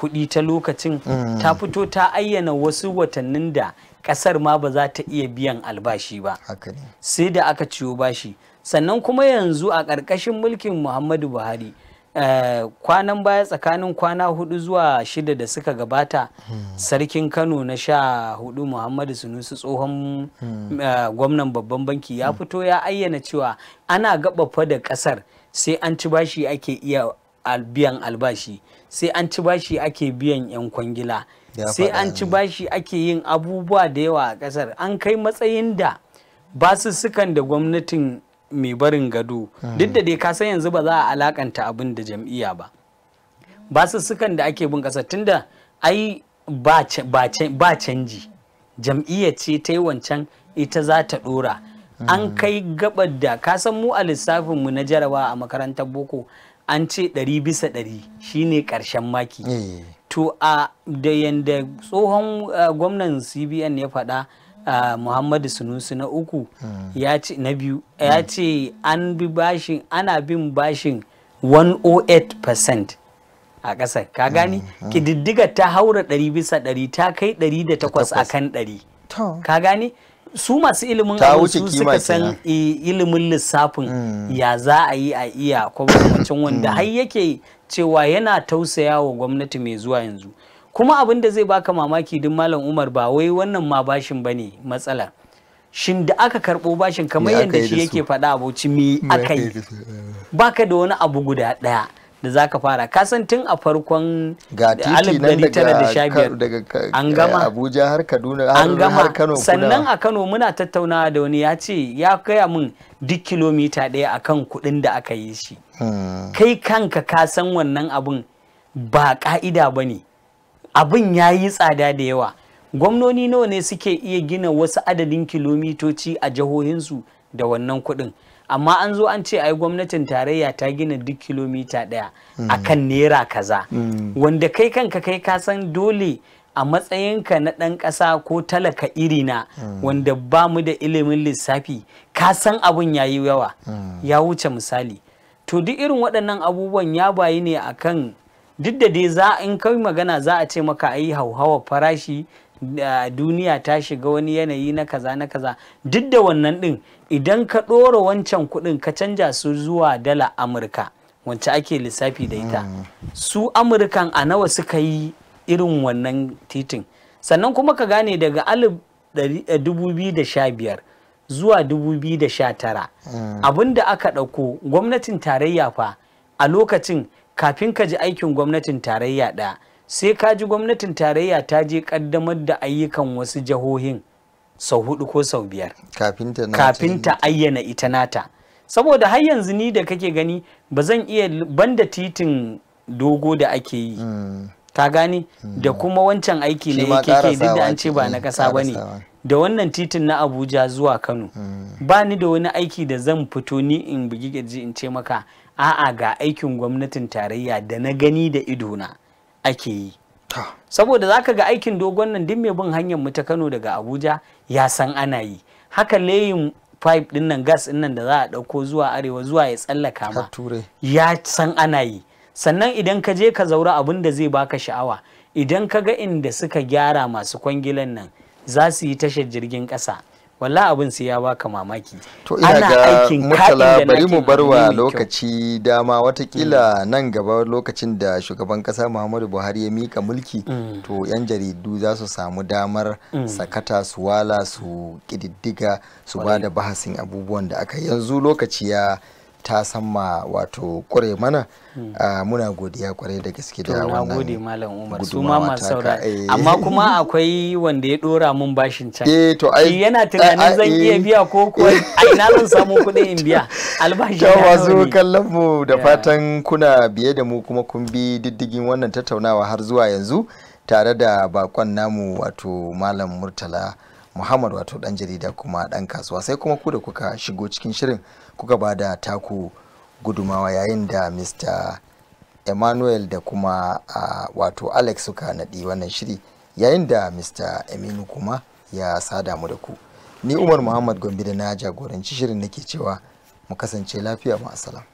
kuɗi ta lokacin hmm. ta fito ta ayyana wasu watannin da ƙasar ma ba za ta iya biyan albashi ba sai da aka ciwo bashi sannan kuma yanzu a ƙarƙashin mulkin muhammadu buhari Eh, kwanan baya tsakanin kwana hudu zuwa shida da suka gabata hmm. sarkin kano na sha hudu muhammadu sunusu tsohon hmm. eh, gwamnan babban banki ya hmm. fito ya ayyana cewa ana gabafa da kasar sai an ci bashi ake iya biyan albashi sai an ci bashi ake biyan 'yan kwangila sai an ci bashi ake yin abubuwa da yawa a kasar an kai matsayin da basussukan da gwamnatin mai barin gado ah. duk da dai ka san yanzu ba za a alakanta abin da jam'iyya ba Ba su sukan da ake bin kasar da ai ba canji jam'iyya ce ta yi wancan ita za ta dora an ah. kai gabar da ka san mu a lissafinmu na jarabawa a makarantar boko an ce ɗari bisa ɗari shine ƙarshen maki eh. to a da yanda tsohon eh, gwamnan cbn ya faɗa Uh, Muhammadu Sunusu na uku hmm. ya ce na biyu ya hmm. ce an bi bashin ana bin bashin 108% a ƙasar ka gani mm. kididdiga ta haura 100 bisa 100 ta kai 108 a kan 100 ka gani su masu ilimin su suka san ilimin lissafin ya za a yi a iya kwamfacin wanda har yake cewa yana tausaya wa gwamnati mai zuwa yanzu. kuma abin da zai baka mamaki duk malam umar ba wai wannan ma bashin ba ne matsalar shin da aka karbo bashin kamar yadda shi yake faɗa abuci me aka yi eh. baka da wani abu guda ɗaya da za ka fara kasan tun a farkon an gama eh, abuja har kaduna an gama sannan a kano muna tattaunawa da wani ya ce ya kaya mun duk kilomita ɗaya akan kuɗin da aka yi shi hmm. kai kanka ka san wannan abun ba ka'ida ba ne abin ya yi tsada da yawa gwamnoni nawa ne suke iya gina wasu adadin kilomitoci a jihohinsu da wannan kuɗin amma an zo an ce ai gwamnatin tarayya ta gina duk kilomita ɗaya a kan mm. naira kaza mm. wanda kai kanka kai ka san dole a matsayinka na ɗan ƙasa ko talaka irina mm. wanda ba mu da ilimin lissafi ka san abin ya yi yawa ya wuce misali to duk irin waɗannan abubuwan ya bayi ne akan duk da dai za in kai magana za a ce maka ayi hauhawar farashi duniya ta shiga wani yanayi na kaza na kaza duk da wannan din idan ka ɗora wancan kuɗin ka canja su zuwa dala amurka wacce ake lissafi da ita hmm. su amurkan a nawa suka yi irin wannan titin sannan kuma ka gane daga alif 2015 eh, zuwa 2019 hmm. abinda aka ɗauko gwamnatin tarayya fa a lokacin kafin ka ji aikin gwamnatin tarayya ɗaya sai ka ji gwamnatin tarayya ta je kaddamar da ayyukan wasu jihohin sau hudu ko sau biyar kafin ta ayyana ita nata saboda har yanzu ni da kake gani ba zan iya banda titin dogo da ake yi ta hmm. ka gane hmm. da kuma wancan aiki na yake duk da an ce ba na kasa ba ne da wannan titin na abuja zuwa kano hmm. ba ni da wani aiki da zan fito ni in bugi in ce maka a'a ga aikin gwamnatin tarayya da na gani da idona ake yi saboda zaka ga aikin dogon nan duk mai bin hanyar mu ta Kano daga Abuja ya san ana yi haka layin pipe din nan gas din nan da za a dauko zuwa arewa zuwa ya tsallaka ma ya san ana yi sannan idan ka je ka zaura abin da zai baka sha'awa idan ka ga inda suka gyara masu kwangilan nan za su yi tashar jirgin kasa. walla abin sai ya baka mamaki to ina ga mutala bari mu bar wa lokaci dama watakila mm. nan gaba lokacin da shugaban kasa muhammadu buhari ya mika mulki mm. to yan jaridu za su samu damar mm. sakata su wala su kididdiga su ba da bahasin abubuwan da aka yanzu lokaci ya ta samma wato kure mana hmm. muna godiya kwarai da gaske da wannan na gode malam umar su ma masu saura eh. amma kuma akwai wanda ya dora mun bashin can eh to ai yana tunanin zan iya eh. biya ko kuwa ai na zan samu kuɗi in biya albashi na zo kallon mu da fatan kuna biye da mu kuma kun bi diddigin wannan tattaunawa har zuwa yanzu tare da bakon namu wato malam murtala muhammad wato dan jarida kuma dan kasuwa sai kuma ku da kuka shigo cikin shirin kuka ba da taku gudumawa yayin da mr emmanuel da kuma uh, wato alex suka naɗi wannan shiri yayin da mr aminu kuma ya sada mu da ku ni umar muhammad gombe da na jagoranci shirin nake cewa mu kasance lafiya ma'asalam